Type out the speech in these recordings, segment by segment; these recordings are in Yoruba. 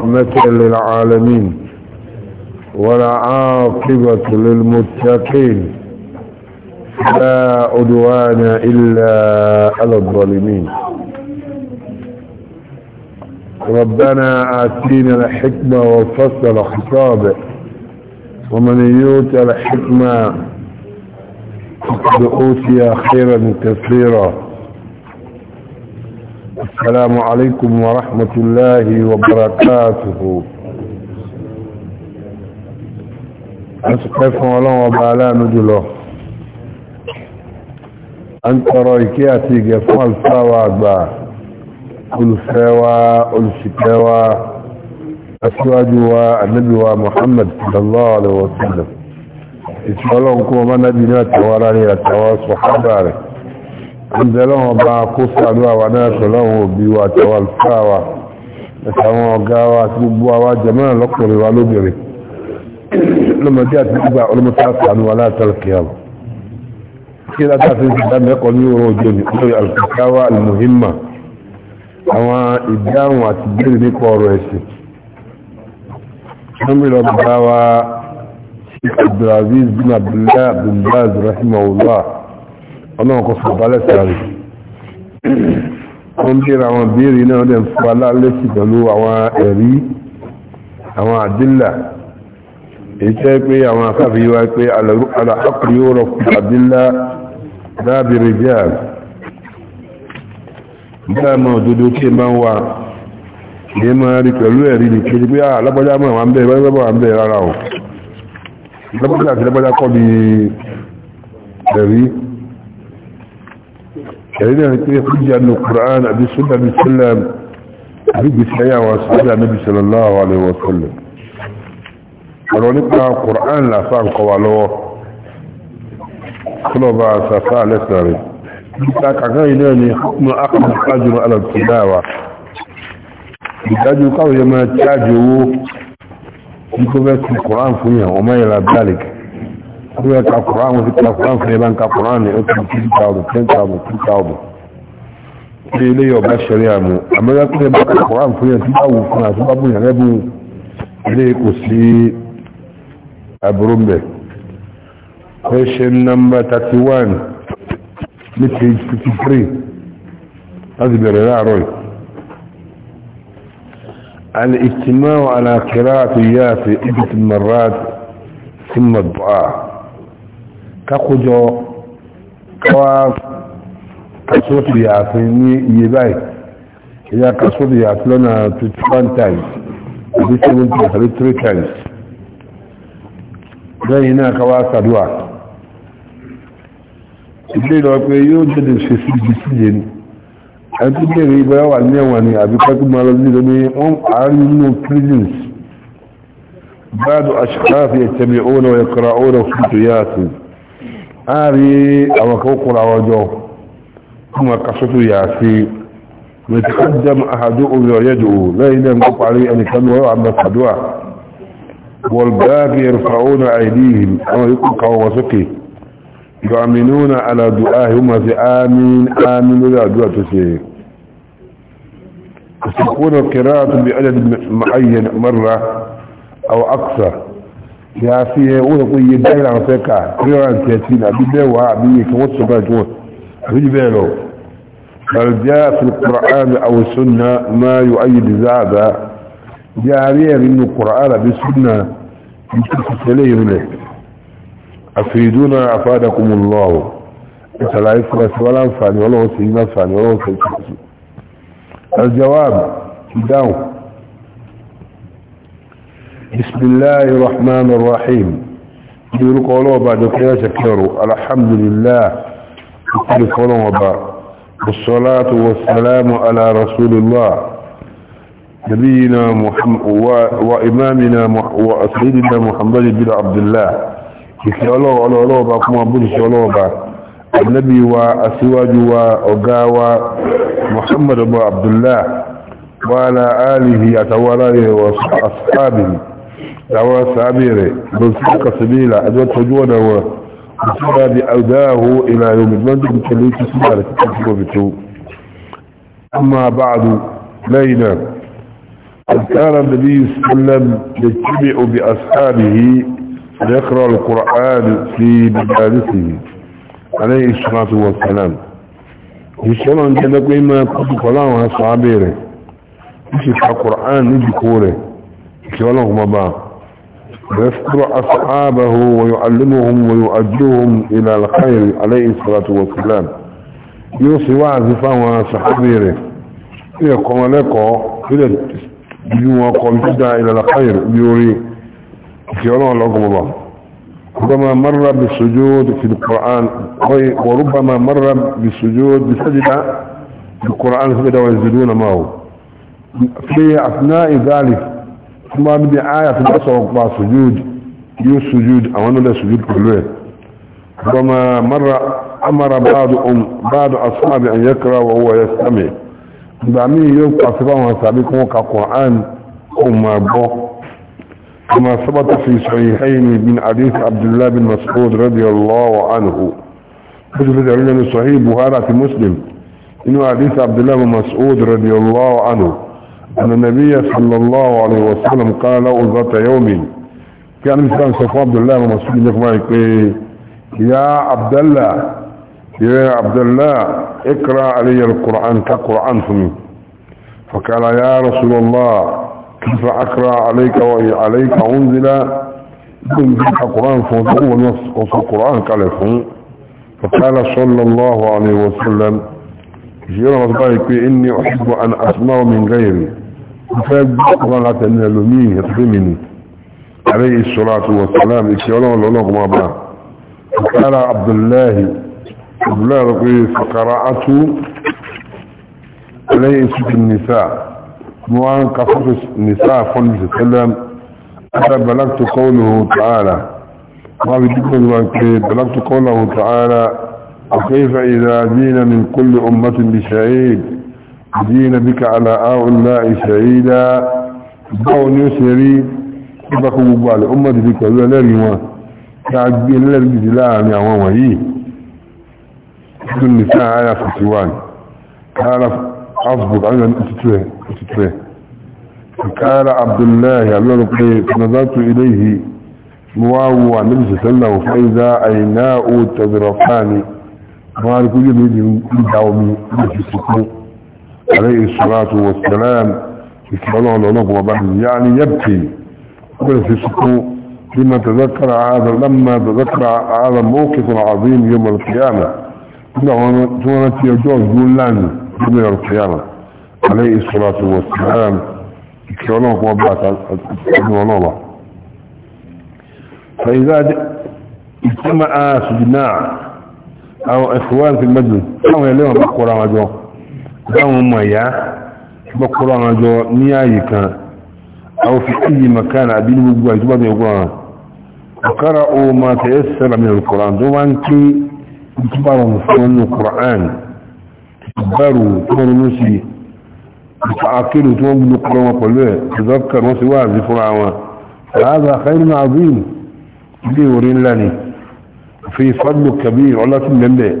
رحمة للعالمين ولا عاقبة للمتقين لا أدوان إلا على الظالمين ربنا آتينا الحكمة وفصل خطابه ومن يوت الحكمة فقد أوتي خيرا كثيرا السلام عليكم ورحمة الله وبركاته أسقف الله وبعلا نجله أنت رأيكياتي قفال سوا با كل سوا كل شكاوا أسواج النبي محمد صلى الله عليه وسلم إسمالهم كما نبينا توراني لتواصل حبارك ìbẹ̀lọ́wọ̀n bá kó sàdúwà wà náà pẹ̀lọ́wọ̀n òbí wa tẹwà fáwà ẹ̀sàwọn ọ̀gá wa àti gbogbo àwa jẹ́mọ́nà lọ́kùnrin wa lóbìnrin lọ́mọdé àti gbogbo ọlọ́mọdé àtàánú wa látàrí kìíyàwó kí látàrí ti dá mẹ́kọ̀ọ́ ní oró òjò ní lórí alfakawa àwọn ìdáhùn àti ọlọ́run kò fún balẹ̀ sáré wọ́n bèèrè àwọn béèrè náà dẹ̀ ń fún aláàlẹ́sì pẹ̀lú àwọn ẹ̀rí àwọn àdílà èyí tẹ́ pé àwọn akáàbí wá pé aláàkùnrin yóò rọ fún àdílà lábìrì jẹ́ bẹ́ẹ̀ mọ́ òdodo tí ẹ máa ń wá ní máa rí pẹ̀lú ẹ̀rí ní kejì pé alábọ́já mọ̀ wà ń bẹ̀ wọ́n wà ń bẹ̀ rárá o lábọ́já àti lábọ́já kọ́ ni ẹ̀rí كلنا نتيه حجة أن القرآن أبي صلى الله عليه وسلم أبي بسعية وأصحاب النبي صلى الله عليه وسلم قالوا نقرأ القرآن لا فعل قوالوه قلوبا سفاء لسنري بساك عقائنا أن حكم أخذ الحجر على التلاوة بتاجوا قوي ما تاجوا يكون القرآن فيها وما إلى ذلك bí wọ́n ka Quran wọ́n ti ka Quran fún ẹbá ń ka Quran ní ọkùnrin two thousand ten thousand two thousand ṣe ilé yóò bá ṣẹlẹ̀ àmú amẹ́rẹ́ pé ẹbá ka fún yẹn tí bá fún àti bá yẹn lẹ́bù ilé kò sí àbúrò question number thirty one ní page fifty three láti bẹ̀rẹ̀ láàárọ̀ yìí. الاجتماع على قراءة ياسي عدة مرات ثم الدعاء kákójọ káwá kásóòtù yàáfin ní iye báyìí ìyá kásóòtù yàáfin lọ́nà 21 times àbí 7 times àbí 3 times lẹ́yìn náà káwá sàdúwà ilé lọ pé yóò jẹ́dẹ̀ ṣe sí ibi sí yẹn ẹni tó bèèrè ibẹ̀ wà ní ẹ̀wọ̀n ni àbí pẹ́kú máa lọ nílò ní wọ́n àárín nínú prisons بعض أشخاص يتبعون ويقرؤون ari àwọn kan kura wajo kuma kasutu ya si mai takaddam ahadu ubi ya du'u lai dan ko pari an kan wa amma sadwa wal baqi yarfa'una aydihim aw yuqaw wasuki yu'minuna ala du'ahum fi amin amin ya du'a to se تكون القراءة بعدد معين مرة أو أكثر ya fi wọ́n kò yẹ bẹ́ẹ̀ náà fẹ́ ká three hundred and thirteen àbí bẹ́ẹ̀ wá àbí yẹ kí wọ́n sọ bẹ́ẹ̀ tó wọ́n àbí jù bẹ́ẹ̀ lọ. bal jaa fi qur'an aw sunna ma yu'ayyid zaada jaari yẹ nínú qur'an àbí sunna nítorí tẹ̀lé yìí rẹ̀ afiduna afadakumullahu ìsàlàyé fún ẹsẹ̀ wọn láǹfààní ọlọ́run sì ń láǹfààní ọlọ́run sì ń tẹ̀sí. aljawab ìdáhùn بسم الله الرحمن الرحيم يقول قولوا بعد كده شكروا الحمد لله يقولوا وبا والصلاة والسلام على رسول الله نبينا محمد وإمامنا وسيدنا محمد بن عبد الله يقولوا قولوا قولوا با كما بولش قولوا با النبي وأسواج وأقاوى محمد بن عبد الله وعلى آله أتوالاه وأصحابه دعوة سعبيري بلسلق سبيلا أدوات حجونا هو بسرى أوداه إلى يوم المنزل بكليك سبالة تتبع أما بعد لينا قد كان النبي صلى الله عليه وسلم يجتمع بأسحابه ويقرأ القرآن في مجالسه عليه الصلاة والسلام يسألون أن جدك إما قد قلعها صعبيره يسأل القرآن يجي كوره يسألهم أباه ويذكر أصحابه ويعلمهم ويؤدوهم إلى الخير عليه الصلاة والسلام يوصي وعزفا وصحابيره يقوم لك إلى يقوم جدا إلى الخير يوري كيرون لكم الله ربما مر بالسجود في القرآن وربما مر بالسجود بسجدة في القرآن سجد ويزدون معه في أثناء ذلك tó bá níbi àyà tó bá sọ̀rọ̀ pa sujud yóò sujud àwọn ọlọ́dẹ sujud pẹ̀lú ẹ̀ bọ́mà mara amara báàdù um báàdù asáàbì an yakra wa huwa yastami ìgbà míì yóò pàṣẹ fáwọn àṣàbí kí ka Qur'an kó máa gbọ́ كما ثبت في صحيحين من حديث عبد الله بن مسعود رضي الله عنه حجر العلم صحيح بهارة مسلم إنه حديث عبد الله بن مسعود رضي الله عنه أن النبي صلى الله عليه وسلم قال له ذات يوم كان مثلا صفاء عبد الله ومسؤول لك معك يا عبد الله يا عبد الله اقرأ علي القرآن كقرآن فمي فقال يا رسول الله كيف أقرأ عليك وعليك أنزل ينزلك قرآن فمي ونص القرآن قال فمي فقال صلى الله عليه وسلم ìṣẹ́rọ̀ ọ̀tọ́ báyìí pé inni uhibbu an asma'u min ghayri fẹ́ gbọ́kọ̀ láti ẹni ẹlòmíì ẹ̀tọ́fẹ́mìnì alayhi salatu wa salam ìṣẹ́rọ̀ ọlọ́lọ́kọ̀ máa bá fara abdullahi abdullahi rẹ̀ pé fakara atu alayhi sufi nisa mo wá ń ka fọ́fẹ́ nisa fún mi sẹ́lẹ̀m ata balaktu qawluhu ta'ala wọ́n fi dúpọ̀ wọn pé balaktu qawluhu ta'ala وكيف إذا جينا من كل أمة بشهيد جينا بك على هؤلاء شهيدا بون نسري بكو ببالي أمة بك ولا لرمى تعجبين لرمى جلاء يا ومهي كل نساء على فتوان قال أصبر عنها أتتره فقال عبد الله الله فنظرت إليه مواو عن نفسه سلم فإذا أيناء تذرفاني àwọn arúgbóyè méjì لما تذكر هذا لما تذكر هذا موقف عظيم يوم القيامة ثم يجوز جولان يوم القيامة عليه الصلاة والسلام يكيولون قوابات الله فإذا اجتمع سجناع àwọn ẹ̀fọ́wọ́n ti gbẹ́jù láwọn ẹlẹ́wọ̀n bá kọ́ra wọn jọ láwọn ọmọ ìyá bá kọ́ra wọn jọ ní ààyè kan àwọn fi kíyì makana àbí ní gbogbo àìtúbà ní ọgbọ́n wọn ọ̀kára o ma tẹ̀yẹ sẹ́ra mi rẹ̀ kọ́ra tó wá ń ké ìtúbà wọn fún wọn ní kọ́rán bẹ́rù tó في فضل كبير ولكن لله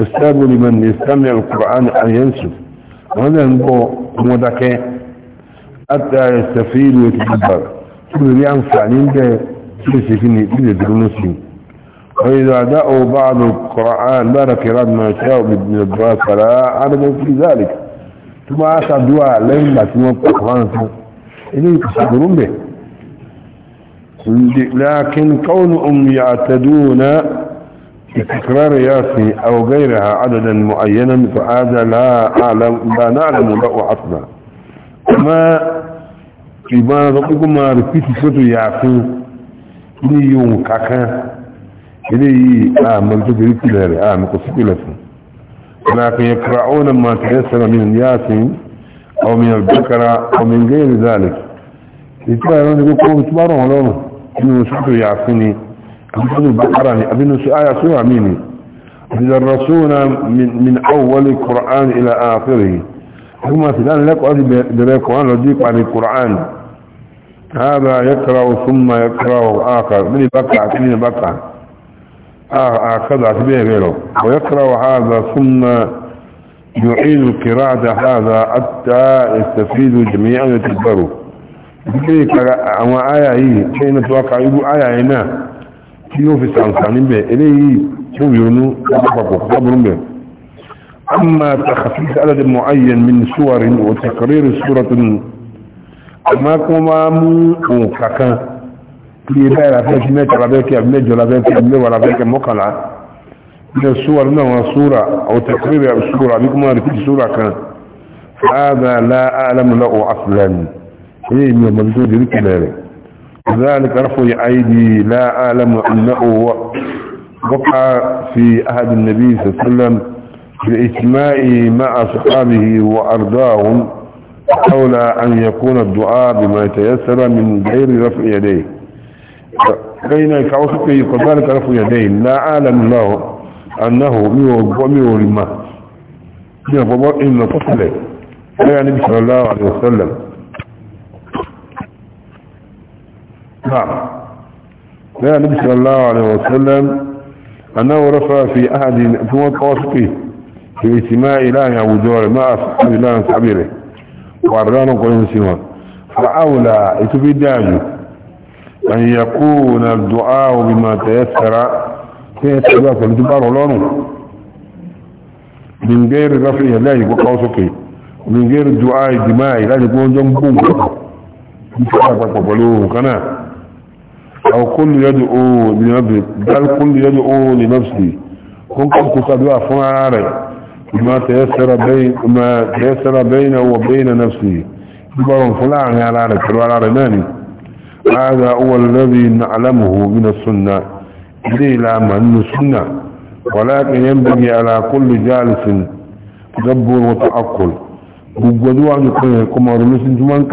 يستاب لمن يستمع القرآن أن ينسف وهذا هو مدكاء حتى يستفيد ويتدبر كل فعلين ده يسكني يدرنسين وإذا دعوا بعض القرآن بارك رب ما شاء بابن الدراسة فلا عدد في ذلك ثم أعطى الدعاء لهم لا تنوى القرآن إليه تصدرون به لكن كونهم يعتدون بتكرار ياسي او غيرها عددا معينا فهذا لا اعلم لا نعلم له حسنا ما ìbára sọ pé kó máa rìpítì tó tó yàáfin ní yóò kankan ilé yìí àmà tó fi rípìlẹ̀ rẹ̀ àmà kò sípìlẹ̀ fún láàfin yẹ kira ó na máa tẹ̀lé sẹ́rọ mi yáàfin ọmọ yẹn bẹ́kara ọmọ yẹn gẹ́rẹ̀ zálẹ̀ ìtura ẹ̀rọ ni kó kó tó bá rọ̀ wọn lọ́rùn nínú sọ́tò yàáfin ni أبنى البقراني أبن سؤال سوى ميني يدرسون من, من أول القرآن إلى آخره ثم تدان لك أدي بالقرآن لديك عن القرآن هذا يقرأ ثم يقرأ آخر من بقع كمين بقع آخذ آه، آه، عتبه غيره ويقرأ هذا ثم يعيد قراءة هذا حتى يستفيدوا جميعا ويتكبروا ذلك أما آية هي حين توقع يقول آية هنا tí yóò fi sàǹfààní bẹ̀ eléyìí tó yónú lápapọ̀ lábúrú bẹ̀ amma takhfif adad mu'ayyan min suwarin wa takrir suratun amma kuma mu kakan tí yẹ báyìí láfẹ́ kí mẹ́ta lábẹ́ kí àbí mẹ́jọ lábẹ́ kí àbí mẹ́wàá lábẹ́ kí mọ́kànlá ní suwar náà wọn sura wa takrir sura àbí kuma rikiti sura kan hada la a'lamu lahu aslan eléyìí mi ò mọ̀ ذلك رفع أيدي لا أعلم أنه وقع في أحد النبي صلى الله عليه وسلم بالإجماع مع اصحابه وأرضاهم حول أن يكون الدعاء بما يتيسر من غير رفع يديه بين كوسكي وكذلك رفع يديه لا أعلم له أنه يوضمه لما يوضمه لما لا يعني صلى الله عليه وسلم نعم لا نبي صلى الله عليه وسلم أنه رفع في أحد ثم توافقه في اجتماع إله أو ما مع أصحاب الله أصحابه وأرانه قلهم سوا فأولى يتبي داجه أن يكون الدعاء بما تيسر تيسر فلتبار لونه من غير رفع لا يكون قوسقه من غير الدعاء الجماعي لا يكون جنبه يتبقى بقبلوه كناه أو كل يدعو لنفسه بل كل يدعو لنفسه كن قد كتبوا فنعاري ما تيسر بين ما تيسر بينه وبين نفسه كبر فلان على رك ولا رناني هذا هو الذي نعلمه من السنة ليه لا من السنة ولكن ينبغي على كل جالس تدبر وتأكل بقدوا عن كل كمار مسلم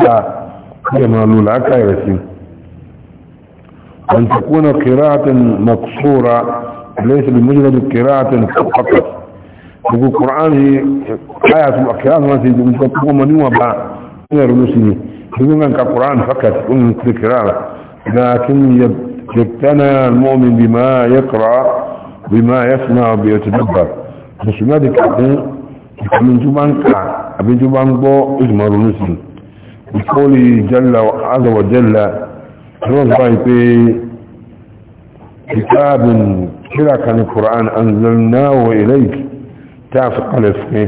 كما لولا كايرسين أن تكون قراءة مقصورة ليس بمجرد قراءة فقط يقول القرآن هي آية الأكيان ما من تقوم من يوم بعد من الرسل يقول أنك القرآن فقط يقول القراءة لكن يبتنى المؤمن بما يقرأ بما يسمع ويتدبر دي كاتين من جبان كا من جبان بو اسم الرسل بقوله جل وعز وجل رضا يبي كتاب كلا كان القرآن أنزلناه إليك تافق الفقه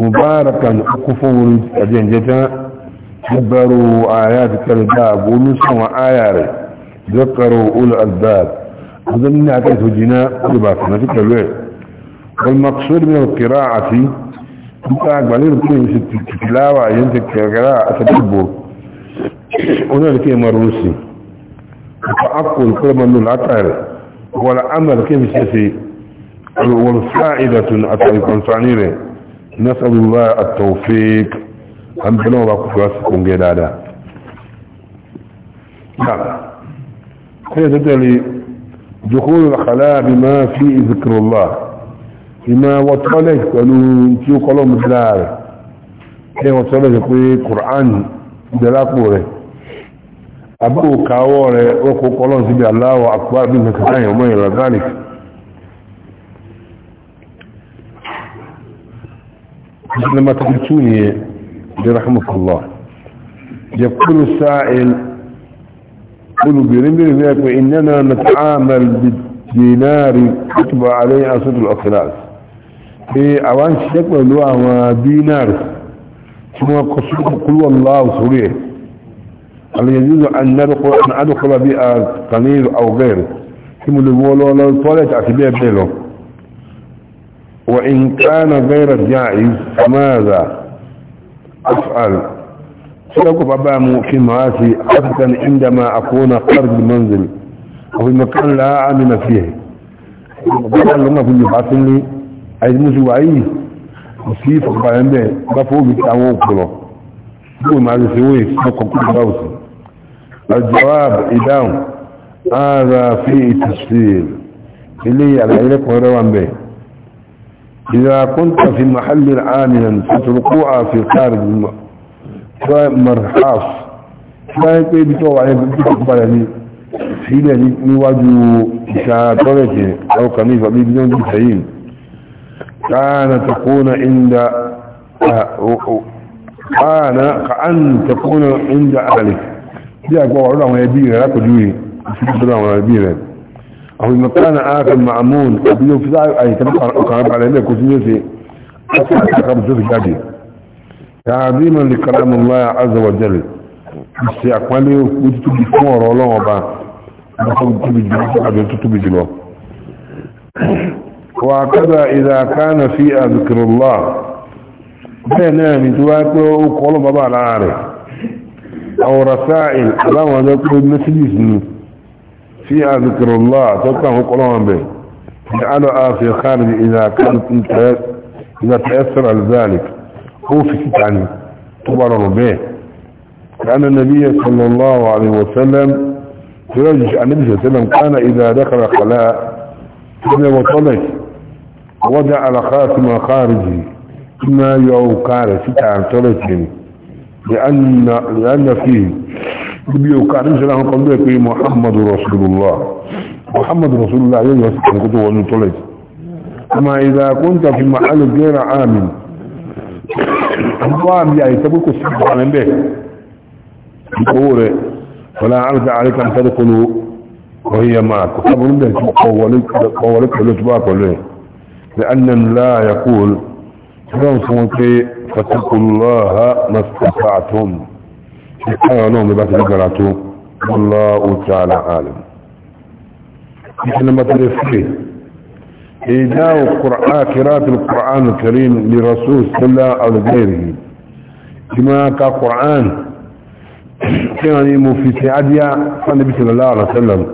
مباركا أقفوا أجين جتا تبروا آيات كالباب ونسوا آياري ذكروا أول الباب أظن أتيت جناء قلبات نفكر له والمقصود من القراءة تتاك بعدين كل تلاوة ينتك قراءة تدبر هنالك مروسي التعقل كلمة من العتعر والعمل كيف سيسي والفائدة أتعرف أنسانيري نسأل الله التوفيق أن بلو رأيك رأسكم جدادا نعم هي تتالي دخول الخلاء بما فيه ذكر الله بما وطلق ولو انتيو قلوم الدار هي وطلق يقول قرآن ìdẹ́lápò rẹ̀ àbúkò káwọ́ rẹ̀ ọkọ̀ kọlọ́ síbi aláwọ̀ àkùbá bí kankan yẹn mọ́ ìlà garlic لما تقلتوني برحمة الله يقول السائل قلوا برمي ذلك وإننا نتعامل بالدينار كتب عليه أسد الأخلاص في أوان شكوى دينار ثم قل الله سوريه هل يجوز أن ندخل أن أدخل بها قليل أو غير ثم طولت وإن كان غير جائز فماذا أفعل سيقف أبا ممكن هاتي حتى عندما أكون قرب المنزل وفي مكان لا أمن فيه وقال لما في يبعثني عايز موسي kò sí ìfọ̀kànlẹ̀ ń bẹ̀ tí àwọn òkú bóò máa lè ṣewé ìfọkàn kúrò bá òsì الجواب إدام هذا فيه تفسير إلي على إذا كنت في محل عاملا فترقوها في خارج مرحاص فهيك بتوع عليك بتقبل يعني حين نواجه إشاعة أو كنيفة بدون بسعين كان تكون عند كان كأن تكون عند أهلك دي أقوى عرض عن يبينا لا تجوي سيد عن يبينا أو المكان آخر معمون أبيو في ذلك أي تبقى أقرب على إليك وسميسي أكثر بسيط جادي تعظيما لكلام الله عز وجل استعقالي وتتبي فور ولو أبا وتتبي جلو وكذا إذا كان في ذكر الله بين من تواكل وقول بابا العارف أو رسائل الله ذكر المسجد في ذكر الله تبقى قولهم به جعلها في خارج إذا كانت إذا تأثر على ذلك هو في ستعني تبرر به لأن النبي صلى الله عليه وسلم يرجع النبي صلى الله عليه وسلم كان إذا دخل خلاء وطلق وضع على خاتم خارجي ما يوكار ستة ثلاثين لأن, لأن فيه بيوكار سلام قلبي محمد رسول الله محمد رسول الله عليه وسلم قطوة وأنه ثلاث أما إذا كنت في محل غير عامل أمام يعني تبوك السبب عن به بقوله فلا عرض عليك أن تدخلوا وهي معك تبوك السبب ولك ولك ولك ولك ولك لأن لا يقول فتقوا الله ما استطعتم أنا نوم بات ذكرته والله تعالى عالم إحنا ما تلفقه إيداء القرآن كرات القرآن الكريم لرسول صلى الله عليه وسلم كما كقرآن كان يمو في سعدية صلى الله عليه وسلم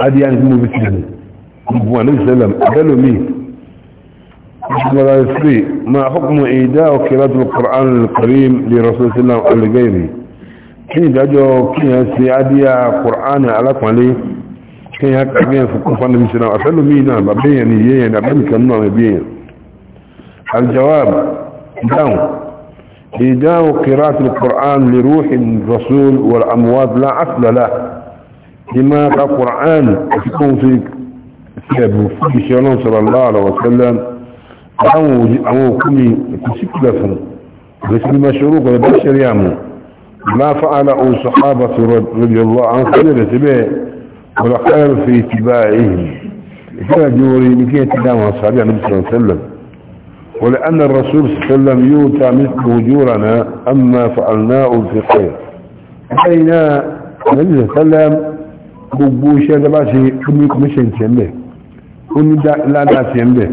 عديان يمو في سعدية ابو عليه السلام قالوا مين ما حكم ايداء قراءة القرآن الكريم لرسول الله صلى الله عليه وسلم كين كي هسي عديا قرآن علاكم عليه كي هكا كين فكون فانا بسلام أسألوا مين بيان يين أبين كنوع بيان الجواب داو نعم، إيداء قراءة القرآن لروح الرسول والأموات لا أصل له لما قرآن يكون في ẹ̀bù fún ìṣẹ́ ọlọ́run sallallahu alaihi wa sallam àwọn òkú mi kò sí kúlẹ̀ fún ìgbésí ní ما فعل أو صحابة رضي الله عنهم عنه خلال ولا خير في اتباعهم كان جوري لكي يتدام أصحابي النبي صلى الله عليه وسلم ولأن الرسول صلى الله عليه وسلم يؤتى مثل أجورنا أما فعلناه في خير أين النبي صلى الله عليه وسلم قبوش هذا باشي كم يكمشن شمه ó ní ládá sí ẹ̀ ń bẹ̀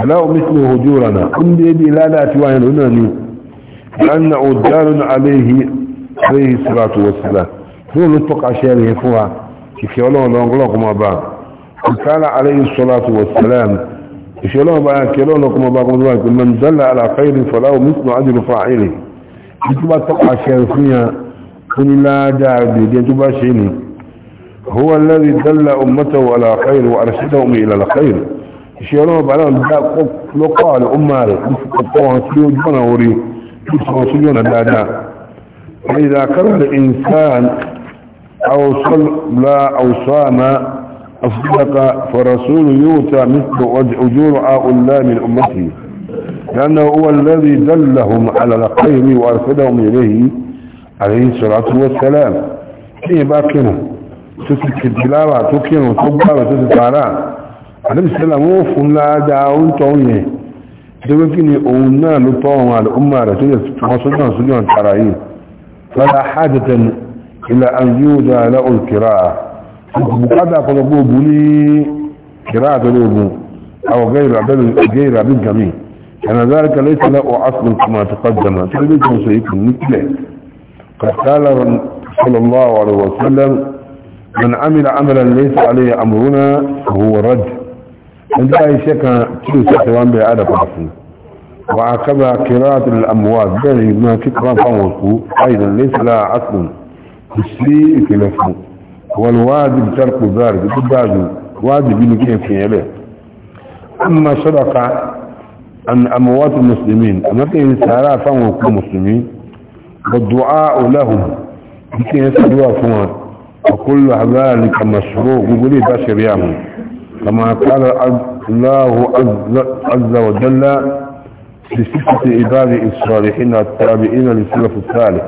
aláwọ̀ mísìlẹ̀ òjú rànà ó ní dédé ládá sí wáyé lónà ni lánà òjárùn aléhì síràtù wọ́sílá tí ó ló tọ́ka ṣe rẹ̀ fún wa ìfẹ́ ọlọ́ọ̀lọ́ọ̀lọ́ọ̀kọ́mọba ìtàlá alẹ́ هو الذي دل أمته على خير وأرشدهم إلى الخير شيرون بعلم ذاك لقال أمار فقطوا سليون جمنا وري فقطوا سليون دادا فإذا كره الإنسان أوصل لا أوصانا أصدق فرسول يوتى مثل أجور أولا من أمته لأنه هو الذي دلهم على الخير وأرشدهم إليه عليه الصلاة والسلام ايه باكنا tó ti kìdìláwà tó kírun tó gbáwà tó ti tààrà àdébìsílẹ̀ wọ́n fún láàdá oúntọ́ yẹn dẹ́gbẹ́ kí ni òun náà ló tọ́ àwọn al'umma rẹ̀ tó yẹ wọ́n sọ́jọ́ sọ́jọ́ tààrà yìí fẹ́lá hajjatan ilẹ̀ an yóò dá aláwọ̀ kìrá bukata kọ́ gbogbo bu ní kìrá àtọ́lógún àwọn gẹ́rà bí gami yana zarika laisa na oasun kuma ta kaddama tó lè jẹ́ sọ ikú nípìlẹ̀ قد قال صلى الله عليه وسلم من عمل عملا ليس عليه امرنا فهو رد عند اي شك كيف ستوان به هذا فاصل وعقب قراءة الاموات بل ما كتران فوقه ايضا ليس لها عقل تسلي كلفه والواجب ترك ذلك بالذات واجب يمكن في عليه اما صدق ان اموات المسلمين اما كان سارا فوق المسلمين والدعاء لهم يمكن يسدوا فوق وكل ذلك مشروع لي بشر يعمل كما قال الله عز وجل في ستة عباد الصالحين التابعين للسلف الثالث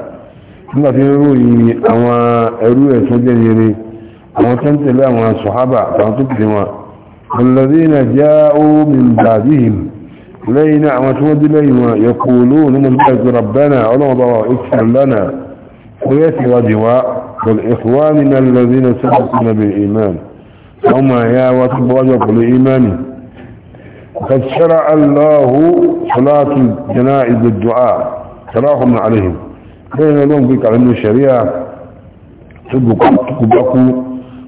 ثم في روي أما روي تجنيني أما تنتلي أما الصحابة تنتقلوا والذين جاءوا من بعدهم لينا أما تود لينا يقولون من ربنا ولو ضوء اكثر لنا وياتي ودواء والإخواننا الذين سبقنا بالإيمان هم يا وطب وجب الإيمان قد شرع الله صلاة الجنائز الدعاء تراهم عليهم بين لهم بك على الشريعة تبقوا تبقوا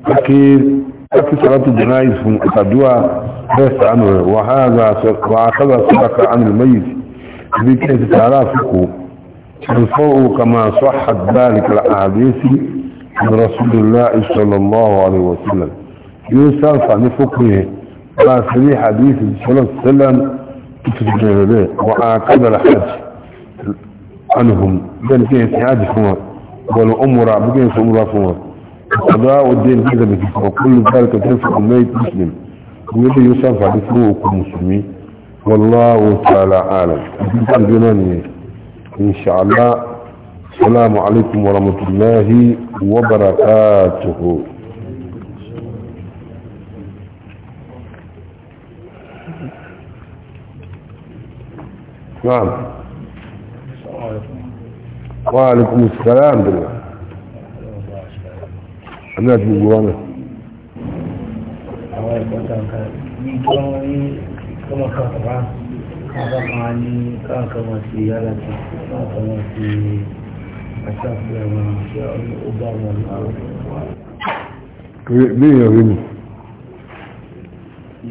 أكيد أكيد صلاة الجنائز من الدعاء بس عنه وهذا وهكذا صدق عن الميت بكيف تعرفكم الفوء كما صحت ذلك الأحاديث من رسول الله صلى الله عليه وسلم يوسف عن فقه ما في حديث صلى الله عليه وسلم تتجمع وآكد الحج عنهم بين كيس حاجكم والأمر بكيس أمركم قضاء الدين كذبك وكل ذلك تنفع ميت مسلم ويدي يصرف عن فوق المسلمين والله تعالى عالم إن شاء الله السلام عليكم ورحمة الله وبركاته نعم وعليكم السلام بالله أنا أتبقى وانا أولا كنت أنك àbákan á ní káàkan máa ṣe yára tó káàkan máa ṣe àṣàfihàn máa ṣe ọba wọn lọ́wọ́. bí èèyàn rí mi. kí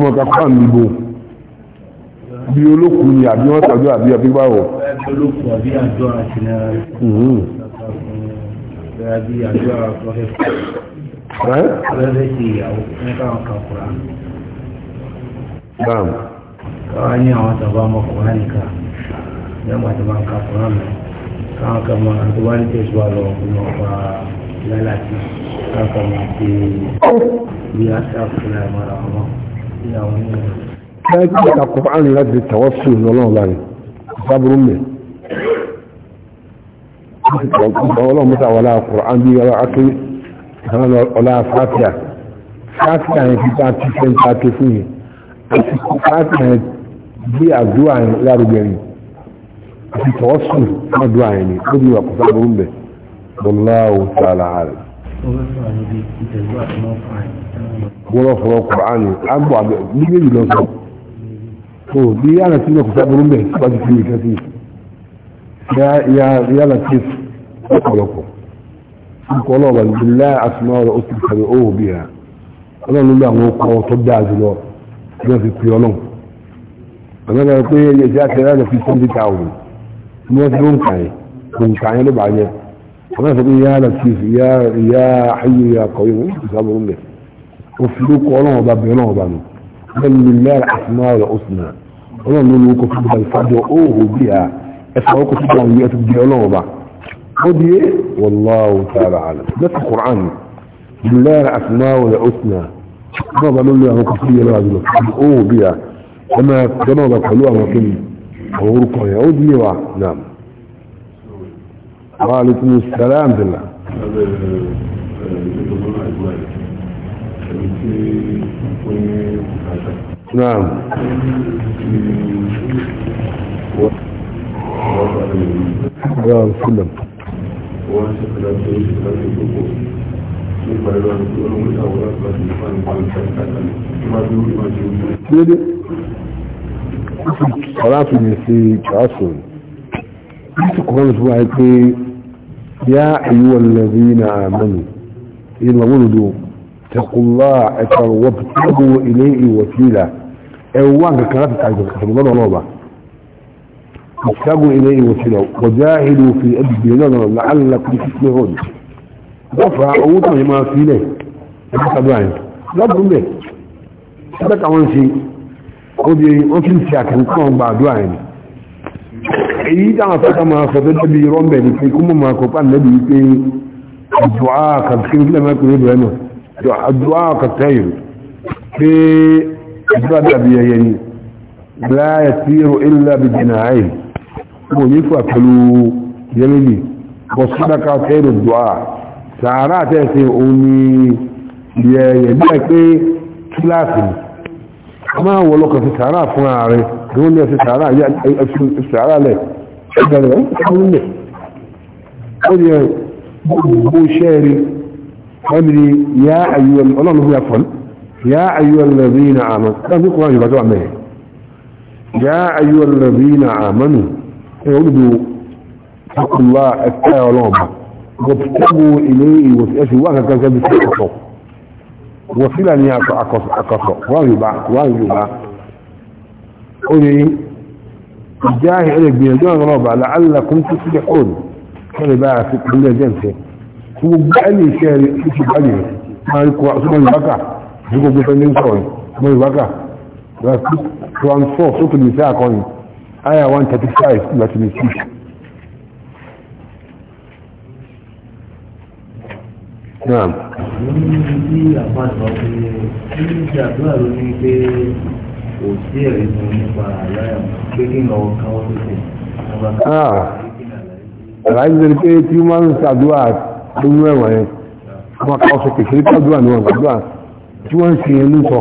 wọ́n ká kọ́ àmì ìbò bí olókùn ni àbí wọ́n tàbí àbí àbí báwò. olókùn àbí àjọ àti náà bẹ́ẹ̀ bí àjọ àkọ́fẹ́ fún un. Báàmù. Káwọn ní àwọn tàbá ọmọkùnrin nìkan, lẹ́mọ̀ àti máa ń ka fún àmì. Káwọn kan máa ń tó wá ní tẹ̀sí wa lọ fún ọ̀pá lálàtì. Káwọn kan máa ti bí aṣáfúnra ìmọ̀ràn ọmọ ní àwọn onímọ̀. Báyọ̀ kí ọ̀ka Kùránì láti tàwọ́ sùn lọ́lọ́run láàrin, ìfábùrú mẹ́. Ọlọ́run mọ́ta wà láà Kùránì bí ọlọ́ akéré, ìfáwọn ọlá Fátíà. Fátíà yẹn ti bá ti fẹ́ ń ta fún yìí. àti kọ́kàtà bí àdúrà lárugẹ ni àti tọ́sù àdúrà yẹn ni ó bí wà kọ́kàtà bó ń bẹ̀ wallahu ta'ala ààrẹ. wọ́n fọwọ́ kọ́ránì agbọ̀ àbẹ̀ nígbè yìí lọ sọ o bí yàrá tí wọ́n kọ́kàtà bó ń bẹ̀ في كيونو انا لا اقول يا جاك انا في سند تاو مو زوم كاي كون كاي له باجي انا في يا لا في يا يا حي يا قيوم صبر امي وفلو قولون با بينو با من لله الاسماء الحسنى انا من وكف بالفرد اوه بها اسمعوك في جانبيات الجيولون با خذي والله تعالى عالم ده في القران لله الاسماء الحسنى bọ́ọ̀bá ló lé àwọn kòkòrò yẹn lọ́wọ́ owó bí i ẹ máa jọmọ́ ọ̀gá pẹ̀lú àwọn kí àwọn orúkọ yẹn ó díye wa náà àwọn alùpùpù sàrẹ́ àǹdìlà. náà wọ́n ti sọ̀rọ̀ àti oṣù láti gbogbo. Ọláfin ni sí Jọ́sùn. Bísí kọ̀ọ̀kan tó wáyé pé yá àyíwọ̀n lẹ́rí na mọ́nù, inú àwọn olùdó, tẹkùnlá ẹ̀kọ̀rọ̀ wọ́n tẹ́gbò ilé ìwọ̀sílà, ẹwà kankan láti tàbí ọ̀sán lọ́nà ọba. Tẹ́gbò ilé ìwọ̀sílà, wọ́n jáhìlú fi ẹbí dọ́fà owó tó yẹ máa fi ilẹ̀ ẹ̀bí sàdúrà yẹn lọ́dún bẹ̀ ẹgbẹ́ káwọn ṣe obì wọ́n fi ń ṣe àkànkàn gba àdúrà yẹn èyí táwọn afẹ́ta máa sọ tó dẹ́bi rọ́mbẹ̀ ní pé kúmọ̀ máa ilẹ̀ bí jìnnà àyè kò ní fà pẹ̀lú yẹlẹ́ni bọ̀ sọ́dọ̀ká fẹ́rẹ̀ dùá sàárà tẹ́ẹ̀sì òun ni ìyẹ̀yẹ̀ bí ẹ pé kíláàsì ni a máa wọ lọ́kàn sí sàárà fún ààrẹ tó ní ẹsẹ̀ sàárà yá sàárà lẹ̀ ẹgbẹ̀rẹ̀ ọ̀hún lẹ̀ ó ní gbogbo iṣẹ́ rí wọ́n ni yá àyíwẹ̀ ọlọ́run fún àfọ́n yá àyíwẹ̀ lẹ́bí na àmọ́ láti kọ́ àyíwẹ̀ tó àmẹ́ yá àyíwẹ̀ lẹ́bí na àmọ́ nù ẹ̀ وابتغوا إليه وسأسوا وكذا بسيطه وصلني أقصى ويبع ويبع قولي جاهي عليك بين الجنة رابع لعلكم تفلحون كان بقى في كل جنسة ثم بقالي شاري ايش بقالي ما يكوى ثم يبقى يقول بفنين صوي ثم يبقى ترانسفور صوت النساء قولي آية 135 لا تنسيش Naam. Ní ah, bí àpáàtà pé ní ti àdúrà ló ní pé kò sí ẹ̀rí mu nípa àláyà pé kí n lọ káwọ́ tó tẹ̀. Àlàyé ti sẹ́ni pé tí wọ́n máa ń ṣàdúrà tó mú ẹ̀wọ̀n yẹn, wọ́n máa káwọ́ sókè ṣe káàdúrà wọ́n ṣàdúrà tí wọ́n ń ṣe ẹnu sọ.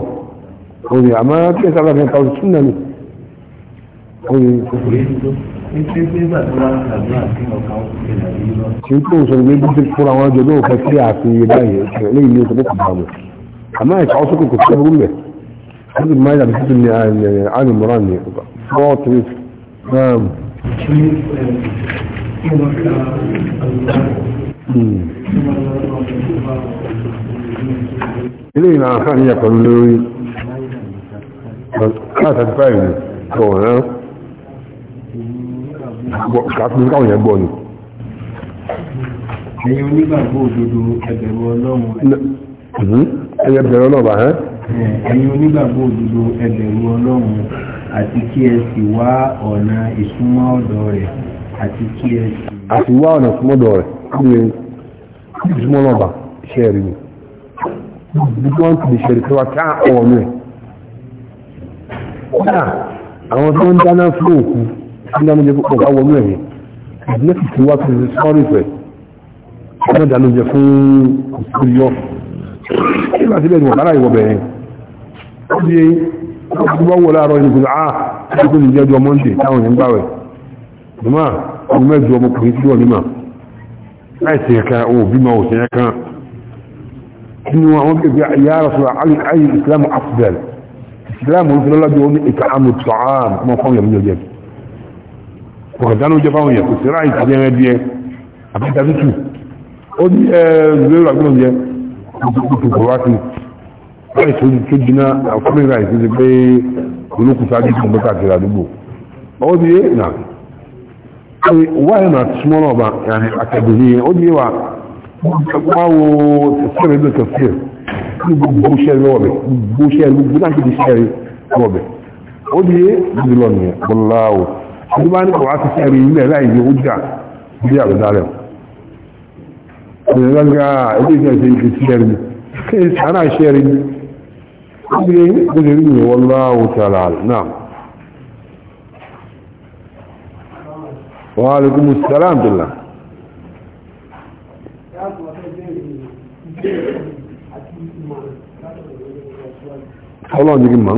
Òyìn àmọ́ kí ẹ sábà fẹ́ káwọ́ sún náà ni. Òyìn kò ṣe tó sọ pé bí ti fúnra wọn jọ lóò fẹ́ kí àti báyìí lẹ́yìn ní oṣù tó kù àmọ́ ẹ̀ka ọ̀sọ́ kò kò sí ọdún bẹ̀ wọ́n ti máa yàtọ̀ títí ní àrùn mọ́ra ní four three um. ilé ìlànà àkàníyà pẹ̀lú lórí káàtà báyìí kọ̀ọ̀rán káfíńsì káwọn yẹn gbọ́ ni. ẹ̀yin onígbàgbọ́ òdodo ẹ̀bẹ̀rù ọlọ́run. Mhm, ẹ̀yẹ bẹ̀rù ọlọ́run bá hẹ́n. ẹ̀yin onígbàgbọ́ òdodo ẹ̀bẹ̀rù ọlọ́run àti kí ẹ sì wá ọ̀nà ìsúnmọ́ ọ̀dọ̀ rẹ̀ àti kí ẹ sì. àti wá ọ̀nà ìsúnmọ́ ọ̀dọ̀ rẹ̀ kí ni ìsúnmọ́ náà bá iṣẹ́ rí ni. gbogbo wọn ti lè ṣe ìṣẹ́wà ká ọ̀nà ẹ̀. kódà àwọn tó ń dáná fún òkú ìdáná jẹ púpọ̀ káwọ mú ẹ̀yìn ìdílẹ́sì tí wá fi sọ́rí pẹ̀ ọ̀nà ìdáná jẹ fún òkúriyọ́ ìgbà síbẹ̀ ni wọ́n lára ìwọ̀ bẹ̀rẹ̀ ó di ọdún bá wọ láàárọ̀ ìlú pẹ̀lú àá ìlú ní jẹ́jọ́ mọ́ndé táwọn èèyàn gbà rẹ̀ ìmọ̀ ọmọ mẹ́jọ ọmọkùnrin tí wọ́n mímọ̀ láìsí ẹ̀ka ò bímọ òsì ẹ̀ka nínú ọ̀dánú jẹ́ fáwọn èèyàn kò sí ráì tàbí ẹran díẹ̀ àbẹ́ta tútù ó ní ẹ̀rọ àgbọ̀n jẹ́ kòtò kò wá sí ráì tó jiná àfúnni ráì tó ti pé olókùn sáájú tó ń bẹ́ káàkiri àdúgbò ó ní nà wáyé nà súnmọ́ náà bá àtẹ̀gùn ní ó ní bá ní kọ̀ wá ti ẹ̀rù ilẹ̀ láì yóò jà bí àbúdá rẹ̀ ọ̀rẹ́ lọ́gbà ilé ìjọsẹ̀ ìfẹ́ sí ẹ̀rù ni kí ni sàánà ṣe ẹ̀rù ni ó bí ó ọlọ́run jẹ́ kí mọ̀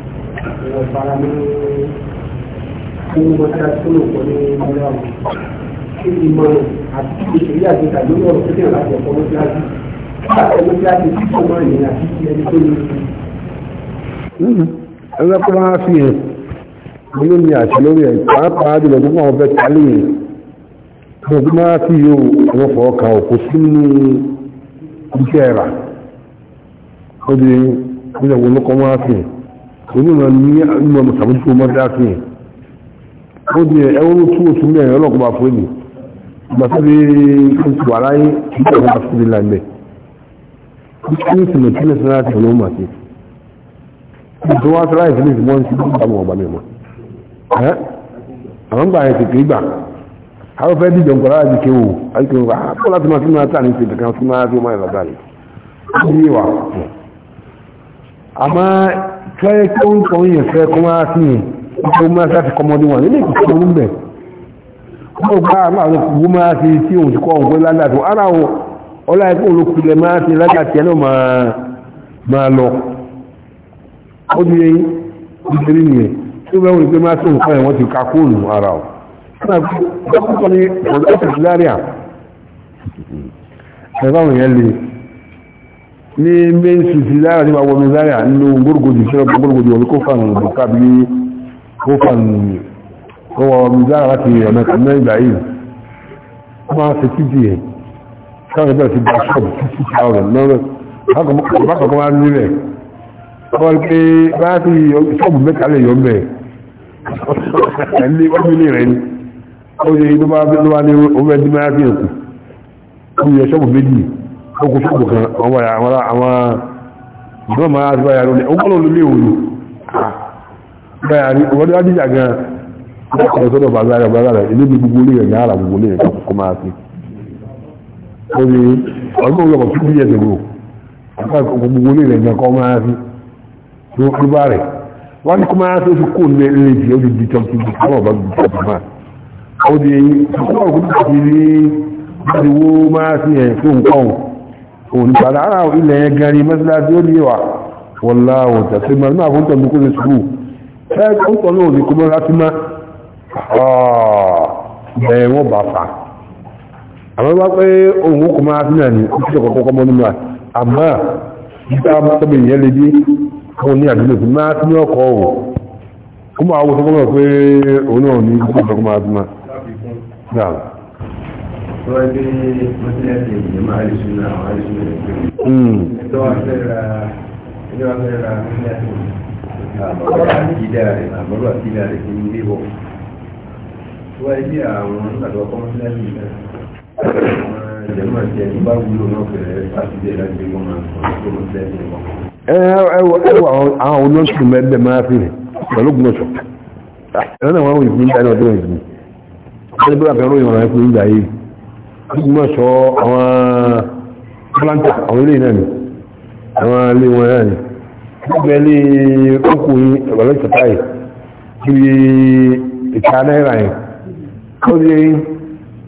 ìwọ̀n fara ní ìwọ̀n tí a tó lò pọ̀ ní ọlọ́ àwọn kí ni mọ̀ àti kí ìṣèlú àgbéga lórí ọ̀rọ̀ tó kéwàá láti ọ̀pọ̀ lójú àjù nígbà tó lójú àjù tí kò mọ̀ ìrìn àti ẹni tó lè fi. máa fi hàn nínú mi àti lórí ẹ̀ pàápàá jùlọ tó fún àwọn fẹ́ kálí yẹn mo máa fi yóò àwọn fọ̀ọ́kà òkú sínú iṣẹ́ rà ó di ìjọba olókọ́ máa fi hàn onímọ̀ ní ìmọ̀ mọ̀sàmójúkú mọ́dá sí ẹ̀ ó di ẹwọ́n tí ó túnmọ̀ ẹ̀rọ ọlọ́kọ̀ọ́bà fún èdè gbàtọ́bí kí wà láyé kí ó bá fún ìlà ẹ̀mẹ́ kí ó sì mọ̀ tí lẹ́sẹ̀ láti ọ̀nà ọmọ àti ìjọ wá sí láì fílẹ̀ ìmọ̀ sí ìgbà mọ̀ ọ̀bà mẹ́mọ̀ àwọn gbà ẹ̀ tètè gbà àwọn fẹ́ dìjọ nǹkan láti fẹ́ kí ó ń tọ́ yẹn fẹ́ kó máa sí yẹn kó máa sí láti kọmọdé wọn nílé ìkùnkùn ló ń bẹ̀ ó gbá àwọn olùkùnkùn máa sí tí òun ti kọ́ òun pé ládà tó ara wọn ọlá ẹ̀kọ́ olùkùnlẹ̀ máa sí ládà tí ẹnà máa lọ ó di ìdílé nìyẹn tí ó bẹ́ wọn pé máa sí nǹkan ẹ̀ wọ́n ti ka kóòlù ara ọ̀ ẹ̀fọ́ àwọn yẹn ní main city lára ní àwọn mẹ́sàrà nínú gbórgójì ṣẹ́rọ gbórgójì wọ́n kó fàn ọ̀nà kábí kó fàn ọwọ́ mẹ́sàrà láti ọ̀nà kàmẹ́ ìgbà yìí máa ṣe títì ẹ̀ káwọn ẹgbẹ́ ti gba ṣọ́ọ̀bù títí ṣàwọ̀rẹ̀ lọ́rọ̀ bákan wá ní rẹ̀ wọ́n pé bá ti ṣọ́ọ̀bù mẹ́ta lè yọ mẹ́ ẹ̀lẹ́ wọ́n mi ní rẹ̀ ni ó yẹ inú bá ní ọmọ ẹdí máa fi ẹ̀kú ó yẹ ṣọ́ọ̀bù méjì ogun fún kan àwọn ọ̀yà àwọn àwọn ìgbọ́n máa ti báyà lónìí ogun lónìí lè wòlò báyà rí wọ́n ní wájíjà gan ọ̀rọ̀ sọ́dọ̀ bàbá rẹ̀ bàbá rẹ̀ ilé ní gbogbo lè rẹ̀ yára gbogbo lè rẹ̀ kọ́kọ́ máa ti ó ní ọdún ọgbọ̀n tún bí ẹsẹ̀ wò gbogbo lè rẹ̀ yẹn kọ́ máa ti tó kú bá rẹ̀ wọ́n ní kó máa ti ó ti kó ní ilé ìdí ó ti di tọ́tù bí kọ́ ọ̀bá bí tọ́tù máa ó di ẹyin kó ọ̀gbọ́n ti rí bá ti wó máa ti ẹ̀ tó nǹkan òǹtàdà ara ah, ilẹ̀ yẹn gan ni mẹ́síláàtí ó níwà wọ́lá òǹtà sí ma náà fún tọ̀lú kúrò sùúrù ẹ́ ó tọ̀lú òní kúrò láti má bẹ̀ẹ̀ wọ́n bà fà àmọ́ wá pé òun kò máa fi náà ní oṣù kọ̀kọ́ kọ́mọ́ nínú àmọ́ nígbà tọ́bí ìyẹn lè dé àwọn ní àdúgbò tí máa sí ní ọkọ̀ ò ó máa wọ́n sọ́kọ́ pé òun náà ní kúrò kọ́mọ́ tó wá gbé mọ́tílẹ́sì hmm. ìjọba àríṣúná àwọn àríṣúná ìjọba tó wá fẹ́ ra ilé wá fẹ́ ra mọ́tílẹ́sì àbọ̀rọ̀ àkídà rẹ̀ àbọ̀rọ̀ àkídà rẹ̀ kì í lé wọ̀ tó wá ilé àwọn àgbà kọ́ mọ́tílẹ́sì náà ìjọba àti ẹni bá wúlò náà fẹ̀rẹ̀ fásitì ẹ̀ láti gbé wọn máa tó mọ́tílẹ́sì wọn. ẹ ẹ wọ àwọn olóṣù mẹ́bẹ̀ máa gbogbo ṣọ àwọn planta àwọn ilé náà ni àwọn ilé wọn náà ni gbogbo ilé ọkùnrin ọ̀rọ̀ ìṣẹ̀tà yìí kiri ìta náírà yìí ó lè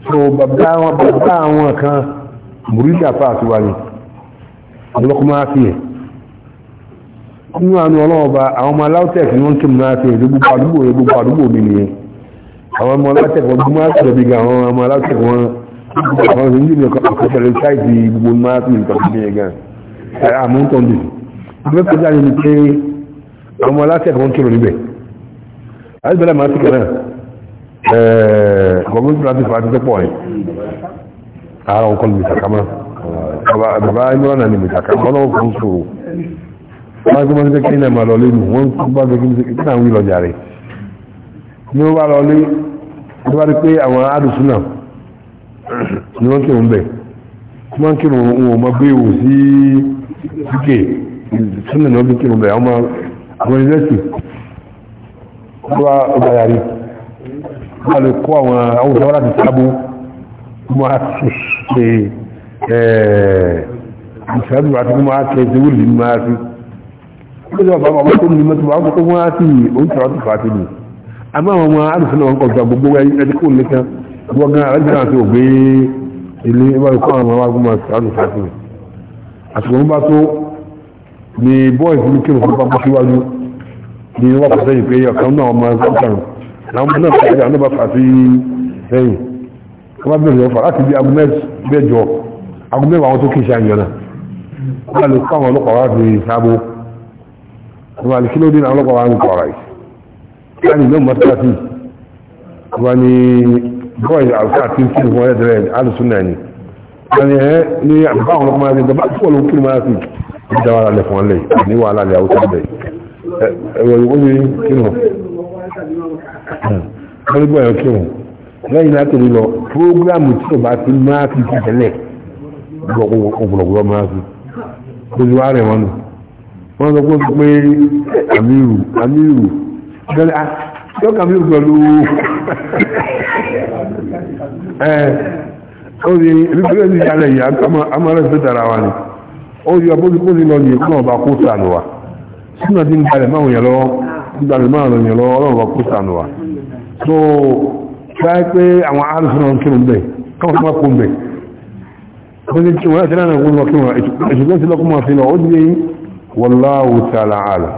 sọ bàbá àwọn bàbá àwọn kan mùrídà fáàtì wà ní ọlọ́kùnmá fi ẹ̀ nínú àánú ọlọ́ọ̀ba àwọn ọmọ aláwọ̀tẹ̀ ni wọ́n fi ẹ̀ àwọn ọmọ aláwọ̀tẹ̀ wọn gbogbo máa ń sọ̀rọ̀ àwọn ọmọ aláwọ̀tẹ̀ wọn àwọn ìròyìn ìlú ọ̀kọ̀ọ̀kọ̀ọ̀lẹ̀ ṣáìtì gbogbo máa fi nǹkan fi bẹ́ẹ̀ gan ẹ̀rọ àmúntàn dì ìgbẹ́ kọjá ni pé àwọn aláṣẹ kan kírò níbẹ̀ àìsíbẹ̀lẹ̀ máa ti kẹ̀rẹ̀ gọ̀ọ́mùsù láti fà á ti tẹ́pọ̀ ẹ̀ ààrùn ọkọ̀ lè sàkámá bàbá ìmúra náà ni lè sàkámá ọlọ́wọ́ kan sòrò wọ́n á gbé máa ń tẹ́kẹ́ iná máa lọ lé nù wọ́n bá gbé kí náà wí lọ jàre ní wọ́n bá lọ lé ni wọ́n kírun bẹ̀ tí wọ́n kírun wọn ma gbé wò sí uk sínú ni wọ́n fi kírun bẹ̀ àwọn ilẹ̀sì wọ́n ọba yàrí wọ́n lè kó àwọn awùsọ láti sábó wọ́n á ti ṣe ìṣẹ́dù àti wọ́n á kẹ́ ṣe wúlì nínú á sí wọ́n lè bàbá wọn tó ní mẹ́tò wọn tó wọ́n á sí oúnjẹ àti fàtìlì àmọ́ àwọn alùsọ náà wọ́n kọjá gbọ́ gan alájọ́ àti ògbé ilé ìwádìí kọ́ àwọn ọmọ agbọ́n àti àwọn ìfàkùn àsìkò ń bá tó ni bọ́ọ̀ì fún kí òfin bá bọ́ síwájú ni wọ́n kọ́ sẹ́yìn pé ọ̀kan náà ọmọ ẹgbẹ́rún làwọn ọmọ náà fẹ́ẹ́ àwọn ọba fà sí sẹ́yìn wọ́n bá bẹ̀rẹ̀ ọ̀fà láti bí aago mẹ́jọ aago mẹ́wàá àwọn tó kì í ṣe àyànnà wọ́n bá lè kọ́ àwọn ọlọ́pàá wá sí sábó bọ́ọ̀lù eh, eh, eh, hmm. àwùká tí ń kí wọ́n rẹ̀ dẹ̀rẹ̀ alùsùn náà ni wọ́n ni ẹ́ ní àbáwọn ọkọ̀ máa ń gbà tí wọ́n kí máa sì ń dá wàhálà lẹ̀ fún ọlẹ̀ ní wàhálà lẹ̀ àwùká bẹ̀ ẹ̀rọ ìwọ́n ni kí wọ́n wọ́n ní bọ́ọ̀lù kí wọ́n lẹ́yìn láti rí lọ prógrámù tí o bá ti máa fi jù tẹ́lẹ̀ ọ̀pọ̀lọpọ̀ máa fi ojú wa rẹ̀ wọn nù wọ́n sọ pé àmì ìrù yóò kà mí pẹ̀lú ọ̀rẹ́ ìrìnkúrẹ́ ní ìyálẹ̀ yìí amọ́rẹ́ sí tara wa ni ó yọ abójúkójú lọ ní ìkúnnà ọba kó sànù wa sínú àti ìgbàlẹ̀ máa wòyàn lọ́wọ́ ìgbàlẹ̀ máa lọ yàn lọ́wọ́ ọlọ́run ọba kó sànù wa so ṣáà pé àwọn arúgbó ń kírun bẹ́ẹ̀ káwọn máa kó bẹ́ẹ̀ ó ní kí wọ́n láti náà wọ́n lọ kí wọ́n ìṣùgbọ́n sí lọ́kùnmọ́ fi lọ ó ní wọ́n láwùtà làálà